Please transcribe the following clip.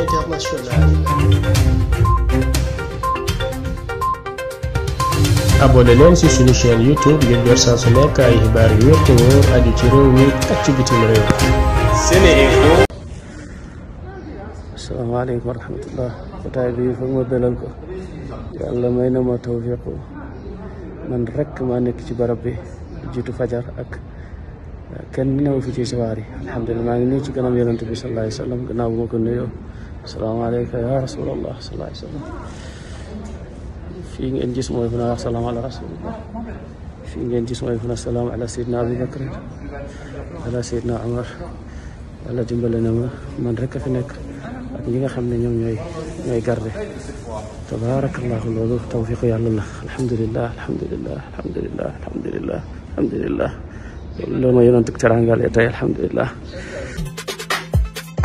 internationale. abonné leen ci suñu chaîne YouTube ngir jot saa su nekk ay xibaar yu wér te wóor aju ci réew mi ak ci bitim réew. SeneInfo. asalaamaaleykum wa rahmatullah jotaay bi foog ma belal ko yàlla may na ma tawfiq man rek maa nekk ci barab bi jiitu fajar ak kenn newu fi ci siwaar yi alhamdulilah maa ngi nii ci kanam yonent bi sallallahu alayhi wa sallam gannaaw bu ma ko nuyoo assalaamu aleyka yaa rasulallah sallallahu alayhi wa sallam fii ngeen gis mooy bu na wax salaam ala rasulillah fii ngeen gis mooy bu na salaam ala sayidna abi bakr ala sayidna omar yàlla dimbale na ma man rek a fi nekk ak ñi nga xam ne ñoom ñooy ñooy garde tabaarakallahu loolu tawfiqu yàlla la alhamdulilah alhamdulilah alhamdulilah alhamdulilah alhamdulilah loolu ma yonent ak teraangal tey alhamdulilah